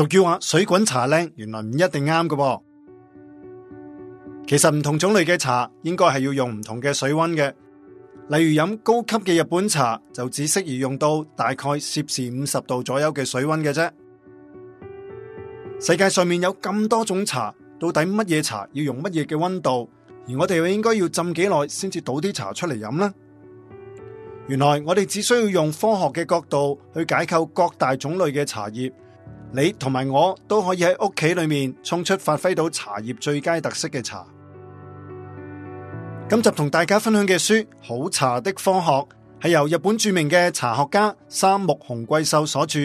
俗語話水滾茶靚，原來唔一定啱噶噃。其實唔同種類嘅茶，應該係要用唔同嘅水溫嘅。例如飲高級嘅日本茶，就只適宜用到大概攝氏五十度左右嘅水溫嘅啫。世界上面有咁多種茶，到底乜嘢茶要用乜嘢嘅溫度，而我哋又應該要浸幾耐先至倒啲茶出嚟飲呢？原來我哋只需要用科學嘅角度去解構各大種類嘅茶葉。你同埋我都可以喺屋企裏面沖出發揮到茶葉最佳特色嘅茶。今集同大家分享嘅書《好茶的科學》係由日本著名嘅茶學家三木雄貴秀所著。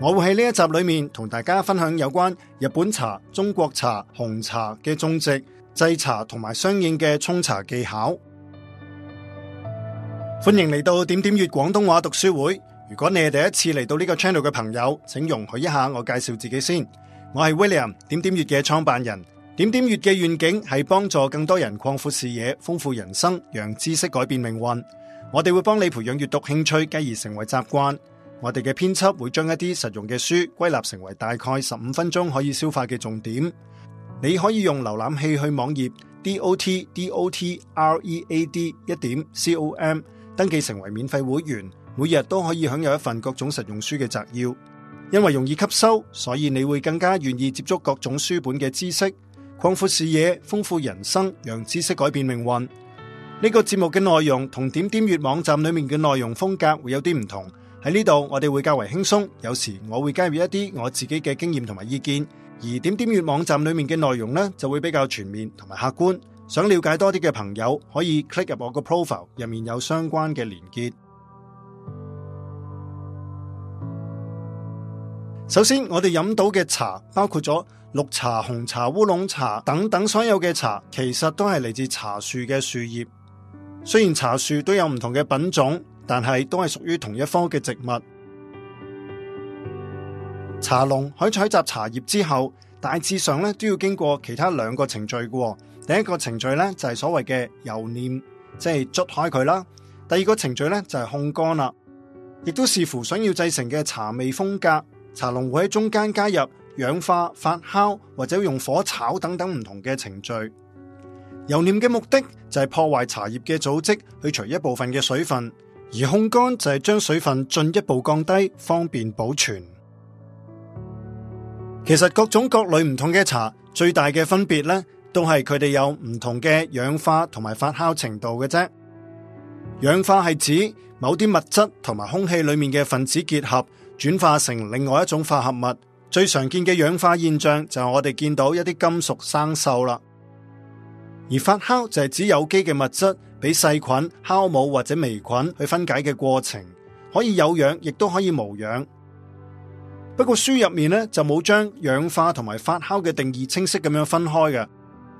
我會喺呢一集裏面同大家分享有關日本茶、中國茶、紅茶嘅種植、製茶同埋相應嘅沖茶技巧。歡迎嚟到點點粵廣東話讀書會。如果你係第一次嚟到呢個 channel 嘅朋友，請容許一下我介紹自己先。我係 William 點點閱嘅創辦人。點點閱嘅願景係幫助更多人擴闊視野、豐富人生，讓知識改變命運。我哋會幫你培養閱讀興趣，繼而成為習慣。我哋嘅編輯會將一啲實用嘅書歸納成為大概十五分鐘可以消化嘅重點。你可以用瀏覽器去網頁 dot dot read 一點 com 登記成為免費會員。每日都可以享有一份各種實用書嘅摘要，因為容易吸收，所以你會更加願意接觸各種書本嘅知識，擴闊視野，豐富人生，讓知識改變命運。呢個節目嘅內容同點點閱網站裏面嘅內容風格會有啲唔同。喺呢度我哋會較為輕鬆，有時我會加入一啲我自己嘅經驗同埋意見，而點點閱網站裏面嘅內容呢就會比較全面同埋客觀。想了解多啲嘅朋友可以 click 入我個 profile，入面有相關嘅連結。首先，我哋飲到嘅茶包括咗綠茶、紅茶、烏龍茶等等所有嘅茶，其實都係嚟自茶樹嘅樹葉。雖然茶樹都有唔同嘅品種，但係都係屬於同一科嘅植物。茶農喺採集茶葉之後，大致上咧都要經過其他兩個程序嘅。第一個程序咧就係所謂嘅揉捻，即係捽開佢啦。第二個程序咧就係控乾啦，亦都視乎想要製成嘅茶味風格。茶農會喺中間加入氧化、發酵或者用火炒等等唔同嘅程序。揉捻嘅目的就係破壞茶葉嘅組織，去除一部分嘅水分；而烘乾就係將水分進一步降低，方便保存。其實各種各類唔同嘅茶最大嘅分別咧，都係佢哋有唔同嘅氧化同埋發酵程度嘅啫。氧化係指某啲物質同埋空氣裏面嘅分子結合。轉化成另外一種化合物，最常見嘅氧化現象就係我哋見到一啲金屬生鏽啦。而發酵就係指有機嘅物質俾細菌、酵母或者微菌去分解嘅過程，可以有氧亦都可以無氧。不過書入面咧就冇將氧化同埋發酵嘅定義清晰咁樣分開嘅。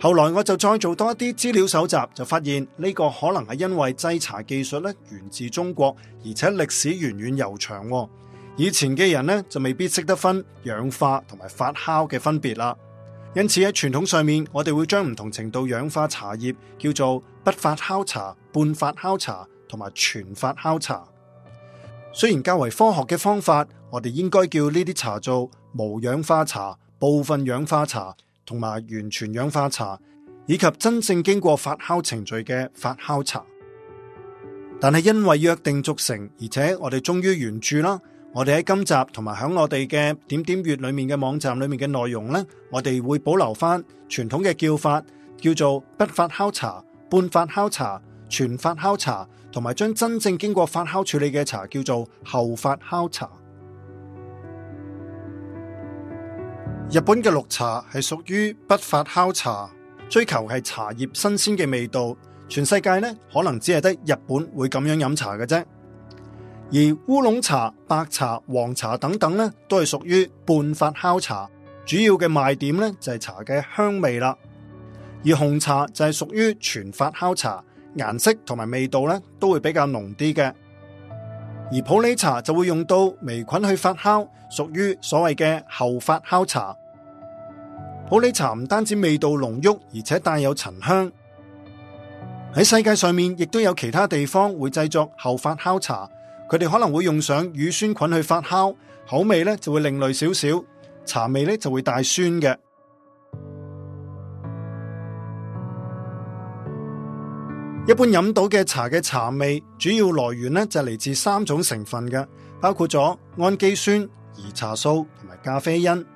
後來我就再做多一啲資料搜集，就發現呢個可能係因為製茶技術咧源自中國，而且歷史源遠悠長。以前嘅人呢，就未必識得分氧化同埋發酵嘅分別啦。因此喺傳統上面，我哋會將唔同程度氧化茶葉叫做不發酵茶、半發酵茶同埋全發酵茶。雖然較為科學嘅方法，我哋應該叫呢啲茶做無氧化茶、部分氧化茶同埋完全氧化茶，以及真正經過發酵程序嘅發酵茶。但係因為約定俗成，而且我哋忠於原著啦。我哋喺今集同埋響我哋嘅點點閱裏面嘅網站裏面嘅內容呢，我哋會保留翻傳統嘅叫法，叫做不發酵茶、半發酵茶、全發酵茶，同埋將真正經過發酵處理嘅茶叫做後發酵茶。日本嘅綠茶係屬於不發酵茶，追求係茶葉新鮮嘅味道。全世界呢，可能只係得日本會咁樣飲茶嘅啫。而烏龍茶、白茶、黃茶等等咧，都係屬於半發酵茶，主要嘅賣點咧就係茶嘅香味啦。而紅茶就係屬於全發酵茶，顏色同埋味道咧都會比較濃啲嘅。而普洱茶就會用到微菌去發酵，屬於所謂嘅後發酵茶。普洱茶唔單止味道濃郁，而且帶有陳香。喺世界上面，亦都有其他地方會製作後發酵茶。佢哋可能會用上乳酸菌去發酵，口味咧就會另類少少，茶味咧就會帶酸嘅。一般飲到嘅茶嘅茶味，主要來源咧就嚟自三種成分嘅，包括咗氨基酸、兒茶素同埋咖啡因。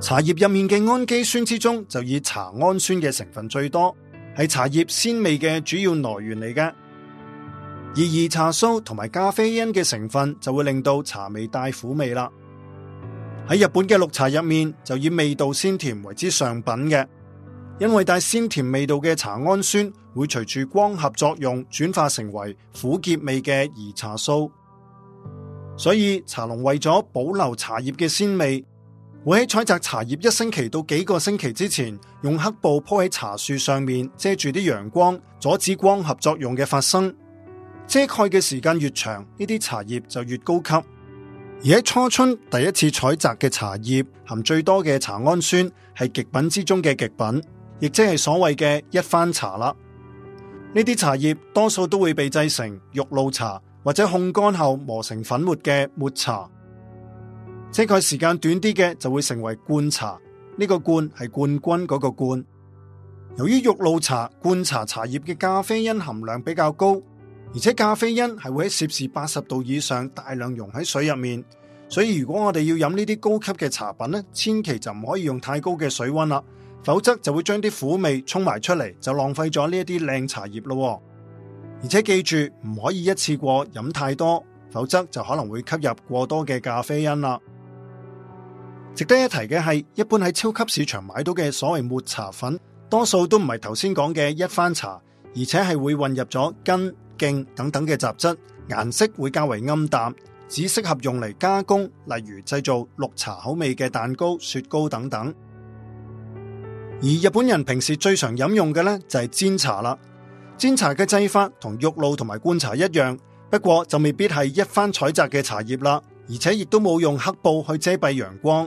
茶葉入面嘅氨基酸之中，就以茶氨酸嘅成分最多，係茶葉鮮味嘅主要來源嚟㗎。而兒茶素同埋咖啡因嘅成分就會令到茶味帶苦味啦。喺日本嘅綠茶入面就以味道鮮甜為之上品嘅，因為帶鮮甜味道嘅茶氨酸會隨住光合作用轉化成為苦澀味嘅兒茶素，所以茶農為咗保留茶葉嘅鮮味，會喺採摘茶葉一星期到幾個星期之前，用黑布鋪喺茶樹上面遮住啲陽光，阻止光合作用嘅發生。遮蓋嘅時間越長，呢啲茶葉就越高級。而喺初春第一次採摘嘅茶葉含最多嘅茶氨酸，係極品之中嘅極品，亦即係所謂嘅一番茶啦。呢啲茶葉多數都會被製成玉露茶或者烘乾後磨成粉末嘅抹茶。遮蓋時間短啲嘅就會成為冠茶，呢個冠係冠軍嗰個冠。由於玉露茶、冠茶茶葉嘅咖啡因含量比較高。而且咖啡因係會喺攝氏八十度以上大量溶喺水入面，所以如果我哋要飲呢啲高級嘅茶品咧，千祈就唔可以用太高嘅水温啦，否則就會將啲苦味沖埋出嚟，就浪費咗呢一啲靚茶葉咯。而且記住唔可以一次過飲太多，否則就可能會吸入過多嘅咖啡因啦。值得一提嘅係，一般喺超級市場買到嘅所謂抹茶粉，多數都唔係頭先講嘅一番茶，而且係會混入咗根。莖等等嘅雜質，顏色會較為暗淡，只適合用嚟加工，例如製造綠茶口味嘅蛋糕、雪糕等等。而日本人平時最常飲用嘅呢，就係、是、煎茶啦。煎茶嘅製法同玉露同埋冠茶一樣，不過就未必係一番採摘嘅茶葉啦，而且亦都冇用黑布去遮蔽陽光。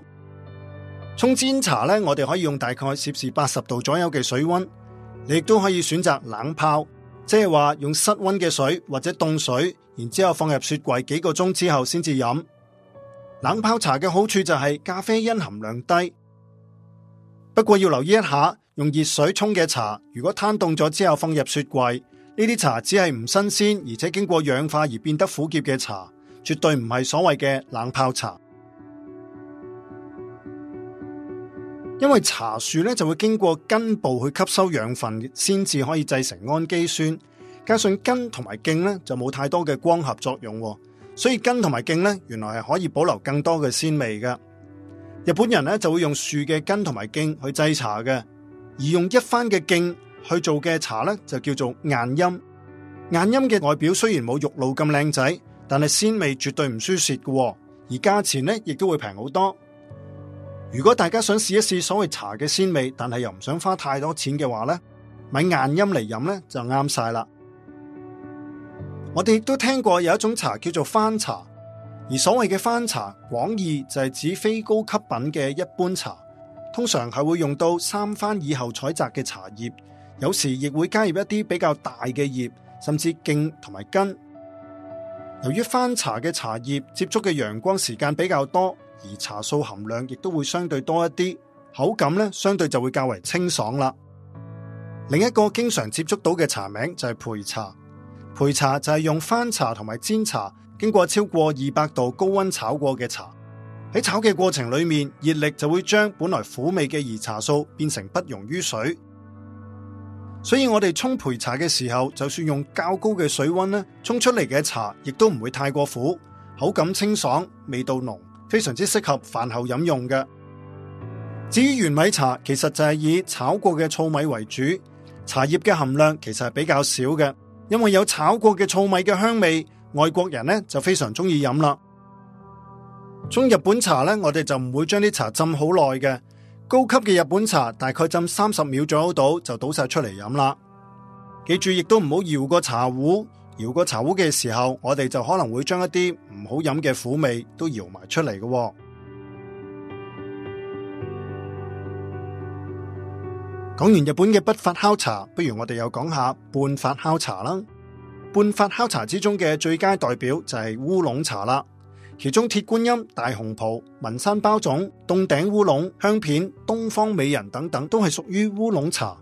沖煎茶呢，我哋可以用大概攝氏八十度左右嘅水溫，你亦都可以選擇冷泡。即係話用室溫嘅水或者凍水，然之後放入雪櫃幾個鐘之後先至飲。冷泡茶嘅好處就係咖啡因含量低。不過要留意一下，用熱水沖嘅茶，如果攤凍咗之後放入雪櫃，呢啲茶只係唔新鮮，而且經過氧化而變得苦澀嘅茶，絕對唔係所謂嘅冷泡茶。因為茶樹咧就會經過根部去吸收養分，先至可以製成氨基酸。加上根同埋莖咧就冇太多嘅光合作用，所以根同埋莖咧原來係可以保留更多嘅鮮味嘅。日本人咧就會用樹嘅根同埋莖去製茶嘅，而用一番嘅莖去做嘅茶咧就叫做雁音。雁音嘅外表雖然冇玉露咁靚仔，但係鮮味絕對唔輸蝕嘅，而價錢咧亦都會平好多。如果大家想試一試所謂茶嘅鮮味，但係又唔想花太多錢嘅話呢，買硬音嚟飲呢，就啱晒啦。我哋亦都聽過有一種茶叫做番茶，而所謂嘅番茶，廣義就係指非高級品嘅一般茶，通常係會用到三番以後採摘嘅茶葉，有時亦會加入一啲比較大嘅葉，甚至莖同埋根。由於番茶嘅茶葉接觸嘅陽光時間比較多。而茶素含量亦都會相對多一啲，口感呢，相對就會較為清爽啦。另一個經常接觸到嘅茶名就係焙茶，焙茶就係用番茶同埋煎茶經過超過二百度高溫炒過嘅茶。喺炒嘅過程裏面，熱力就會將本來苦味嘅兒茶素變成不溶於水，所以我哋沖焙茶嘅時候，就算用較高嘅水溫呢，沖出嚟嘅茶亦都唔會太過苦，口感清爽，味道濃。非常之適合飯後飲用嘅。至於玄米茶，其實就係以炒過嘅糙米為主，茶葉嘅含量其實係比較少嘅，因為有炒過嘅糙米嘅香味，外國人呢就非常中意飲啦。中日本茶呢，我哋就唔會將啲茶浸好耐嘅，高級嘅日本茶大概浸三十秒左右度就倒晒出嚟飲啦。記住，亦都唔好搖過茶壺。搖過茶壺嘅時候，我哋就可能會將一啲唔好飲嘅苦味都搖埋出嚟嘅，哦。講完日本嘅不發酵茶，不如我哋又講下半發酵茶啦。半發酵茶之中嘅最佳代表就係烏龍茶啦。其中鐵觀音、大紅袍、文山包種、凍頂烏龍、香片、東方美人等等都係屬於烏龍茶。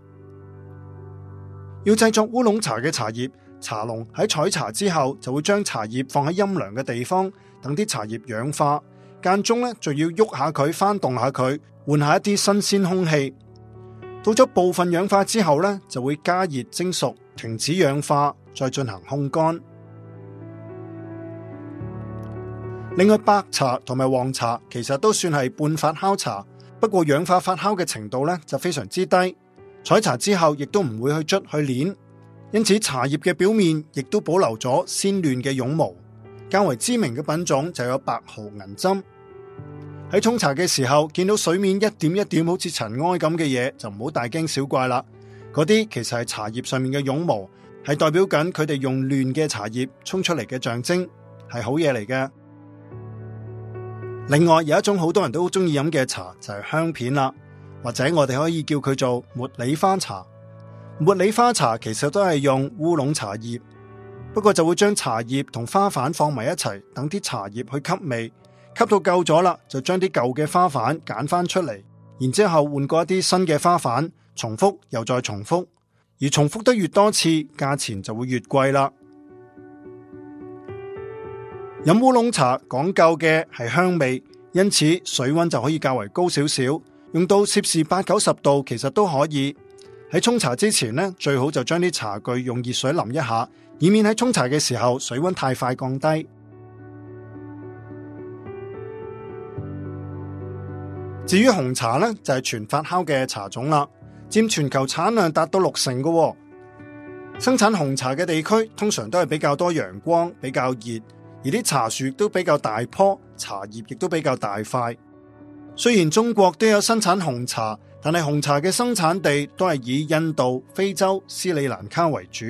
要製作烏龍茶嘅茶葉，茶農喺採茶之後，就會將茶葉放喺陰涼嘅地方，等啲茶葉氧化，間中咧仲要喐下佢，翻動下佢，換下一啲新鮮空氣。到咗部分氧化之後咧，就會加熱蒸熟，停止氧化，再進行烘乾。另外，白茶同埋黃茶其實都算係半發酵茶，不過氧化發酵嘅程度咧就非常之低。採茶之後，亦都唔會去捽去碾。因此，茶葉嘅表面亦都保留咗鮮嫩嘅絨毛。較為知名嘅品種就有白毫銀針。喺沖茶嘅時候，見到水面一點一點好似塵埃咁嘅嘢，就唔好大驚小怪啦。嗰啲其實係茶葉上面嘅絨毛，係代表緊佢哋用嫩嘅茶葉沖出嚟嘅象徵，係好嘢嚟嘅。另外，有一種好多人都好中意飲嘅茶就係、是、香片啦，或者我哋可以叫佢做茉莉花茶。茉莉花茶其實都係用烏龍茶葉，不過就會將茶葉同花瓣放埋一齊，等啲茶葉去吸味，吸到夠咗啦，就將啲舊嘅花瓣揀翻出嚟，然之後換過一啲新嘅花瓣，重複又再重複，而重複得越多次，價錢就會越貴啦。飲烏龍茶講究嘅係香味，因此水溫就可以較為高少少，用到攝氏八九十度其實都可以。喺沖茶之前呢，最好就將啲茶具用熱水淋一下，以免喺沖茶嘅時候水溫太快降低。至於紅茶呢，就係、是、全發酵嘅茶種啦，佔全球產量達到六成嘅、哦。生產紅茶嘅地區通常都係比較多陽光、比較熱，而啲茶樹都比較大棵，茶葉亦都比較大塊。雖然中國都有生產紅茶。但係紅茶嘅生產地都係以印度、非洲、斯里蘭卡為主，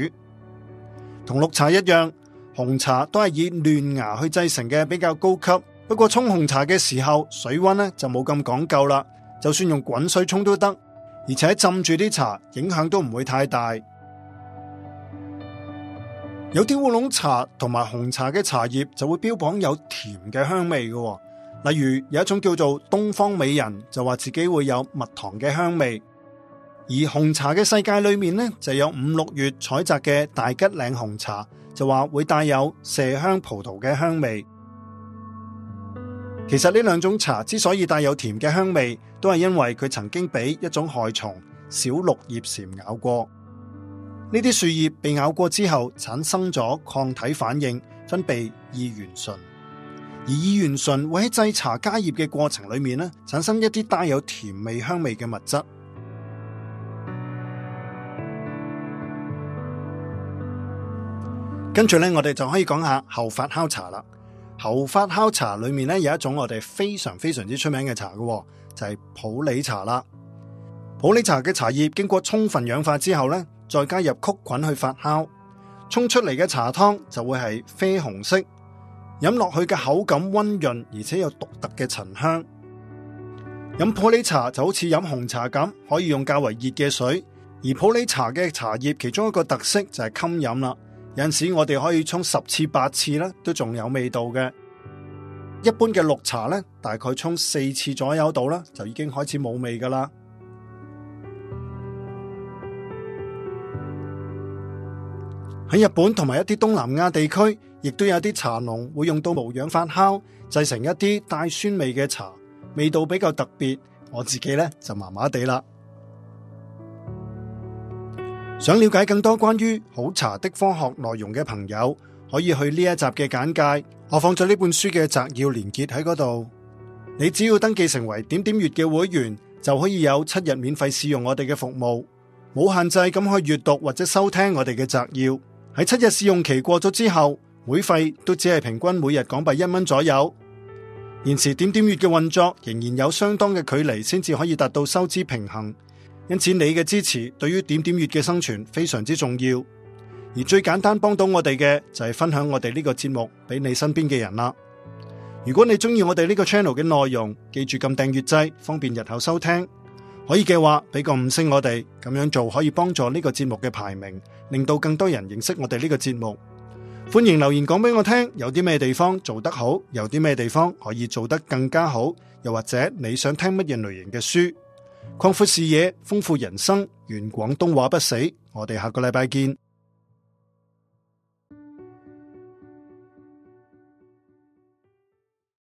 同綠茶一樣，紅茶都係以嫩芽去製成嘅比較高級。不過沖紅茶嘅時候，水溫呢就冇咁講究啦。就算用滾水沖都得，而且浸住啲茶影響都唔會太大。有啲烏龍茶同埋紅茶嘅茶葉就會標榜有甜嘅香味嘅。例如有一種叫做東方美人，就話自己會有蜜糖嘅香味；而紅茶嘅世界裏面呢，就有五六月採摘嘅大吉嶺紅茶，就話會帶有麝香葡萄嘅香味。其實呢兩種茶之所以帶有甜嘅香味，都係因為佢曾經俾一種害蟲小綠葉蟬咬過。呢啲樹葉被咬過之後，產生咗抗體反應，分泌二元醇。而乙元醇會喺製茶加熱嘅過程裏面咧，產生一啲帶有甜味、香味嘅物質。跟住咧，我哋就可以講下後發酵茶啦。後發酵茶裏面咧，有一種我哋非常非常之出名嘅茶嘅，就係、是、普洱茶啦。普洱茶嘅茶葉經過充分氧化之後咧，再加入曲菌去發酵，沖出嚟嘅茶湯就會係啡紅色。飲落去嘅口感溫潤，而且有獨特嘅陳香。飲普洱茶就好似飲紅茶咁，可以用較為熱嘅水。而普洱茶嘅茶葉其中一個特色就係襟飲啦，有陣時我哋可以沖十次八次咧，都仲有味道嘅。一般嘅綠茶咧，大概沖四次左右度啦，就已經開始冇味噶啦。喺日本同埋一啲東南亞地區，亦都有啲茶農會用到無氧發酵，製成一啲帶酸味嘅茶，味道比較特別。我自己咧就麻麻地啦。 想了解更多關於好茶的科學內容嘅朋友，可以去呢一集嘅簡介，我放咗呢本書嘅摘要連結喺嗰度。你只要登記成為點點閱嘅會員，就可以有七日免費試用我哋嘅服務，冇限制咁去閱讀或者收聽我哋嘅摘要。喺七日試用期過咗之後，會費都只係平均每日港幣一蚊左右，現時點點閱嘅運作仍然有相當嘅距離先至可以達到收支平衡，因此你嘅支持對於點點閱嘅生存非常之重要。而最簡單幫到我哋嘅就係分享我哋呢個節目俾你身邊嘅人啦。如果你中意我哋呢個 channel 嘅內容，記住撳訂閱掣，方便日後收聽。可以嘅話，俾個五星我哋，咁樣做可以幫助呢個節目嘅排名，令到更多人認識我哋呢個節目。歡迎留言講俾我聽，有啲咩地方做得好，有啲咩地方可以做得更加好，又或者你想聽乜嘢類型嘅書，擴闊視野，豐富人生，願廣東話不死。我哋下個禮拜見。